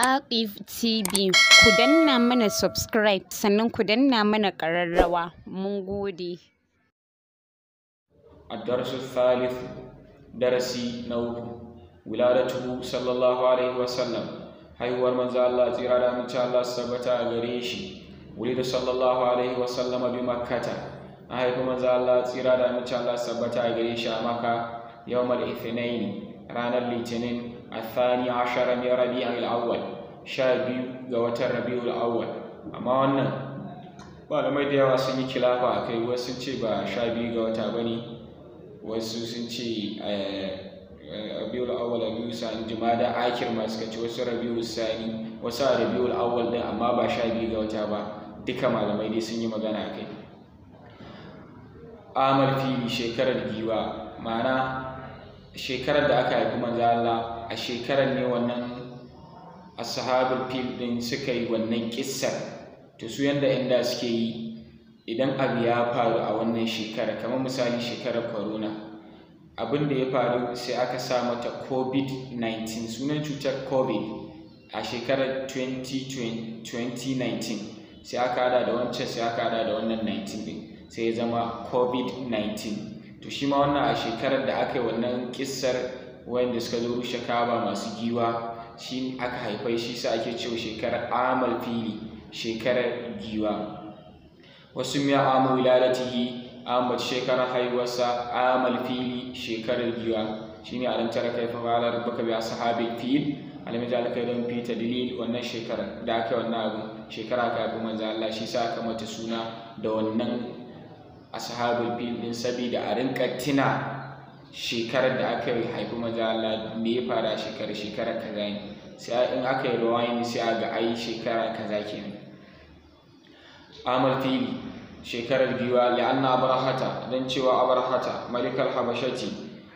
Aqif TV. Ku danna mana subscribe sannan ku danna mana ƙararrawa. Mun gode. الدرس الثالث درسي نوه ولادته صلى الله عليه وسلم haihuwar manzo Allah tsira da mace Allah sabata a gare shi wulida sallallahu alaihi wasallam bi makkata a haifi manzo Allah tsira da mace Allah sabata a gare shi a maka yawmal ithnain ranar litinin الثاني عشر من ربيع الأول شابيو قوات ربيع الأول أما أن malamai da yawa sun yi kilafa a kai wasu ce ba sha biyu ga wata ba ne wasu sun ce eh, rabiul awwal rabiul sani jumada akir ma suka ce wasu rabiul sani wasu a rabiul awwal din amma ba sha biyu ga wata ba duka malamai dai sun yi magana a kai amal fili shekarar giwa ma'ana shekarar da aka haifi manzo Allah a shekarar ne wannan ashabul fil din suka yi wannan kissar to su yanda inda suke yi idan abu ya faru a wannan shekara kamar misali shekarar corona abin da ya faru sai aka sa mata covid-19 sunan cutar covid a shekarar 2019 sai aka hada da wancan sai aka hada da wannan 19 sai ya zama covid-19 to shi ma wannan a shekarar da aka yi wannan kissar wanda suka zo rushe kaba masu giwa shi aka haifai shi sa ake cewa shekarar amal fili shekarar giwa wasu miya amal wilalatihi amal shekarar haihuwarsa amal fili shekarar giwa shine alam tara kaifa baka rabbuka bi ashabil fil alam yaj'al don fita dalil wannan shekarar da aka yi wannan abu shekara ka yi manzo Allah shi sa aka mata suna da wannan ashabul fil din saboda a rinka tina shekarar da aka yi haifi maza Allah me ya fara shekarar shekarar kaza ne sai in aka yi rawani sai a ga ai shekara kaza ne. amal fili shekarar biyuwa anna abrahata dan cewa abrahata malikal habashati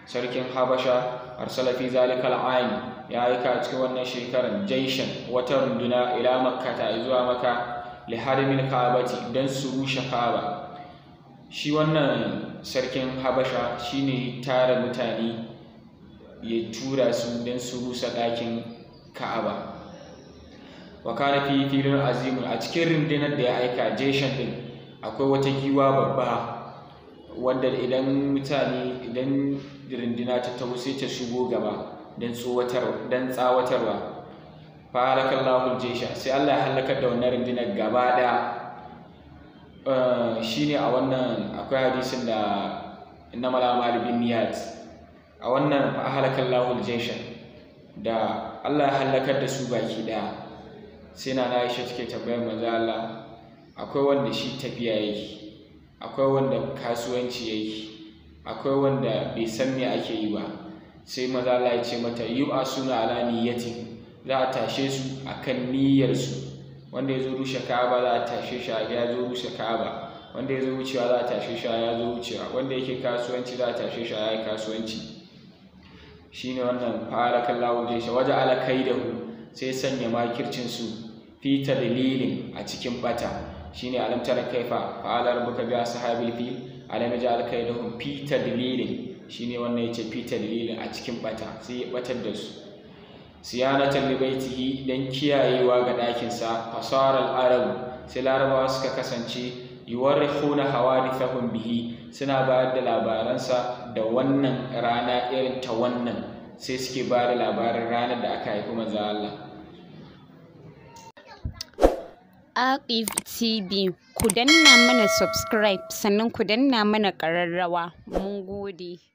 sarkin habasha arsala fi zalikal ayn ya aika cikin wannan shekarar jaishan wata runduna ila makkata zuwa maka li harimin kabati dan su rushe kaba. shi wannan sarkin habasha shine tara mutane ya tura su don su rusa ɗakin ka'aba wa kana fi filin azimu a cikin rundunar da ya aika jeshen din akwai wata giwa babba wanda idan mutane idan ta taho sai ta shigo gaba don tsawatarwa fa lahul jesha sai Allah ya halakar da wannan rundunar gaba ɗaya Eh, shine a wannan akwai hadisin da malama al'amal bin niyat a wannan fa lahul jenshin da Allah ya halakar da su baki daya sai na ishe cike tabbayar maza Allah akwai wanda shi tafiya yake akwai wanda kasuwanci yake akwai wanda bai san me ake yi ba sai maza Allah ya ce mata yi a suna ala niyyatin, za a tashe su a akan niyyarsu wanda ya zo rushe ka'aba za a tashe shi ya zo rushe ka'aba wanda ya zo wucewa za a tashe shi ya zo wucewa wanda yake kasuwanci za a tashe shi ya yi kasuwanci shine wannan fara kallahu jesha waje ala hu sai sanya makircin su fi tadlilin a cikin bata shine alam tara kaifa fa ala rabbuka bi ashabil fil alam ja'al kaidahum fi shi shine wannan yace fi tadlilin a cikin bata sai ya batar da su siyanatan li baitihi dan kiyayewa ga dakinsa fasara al-arab sai larabawa suka kasance yuwarrikhuna hawadithahum bihi suna bayar da labaransa da wannan rana irin ta wannan sai suke ba da labarin ranar da aka haifi maza Allah Aqif TV ku danna mana subscribe sannan ku danna mana ƙararrawa mun gode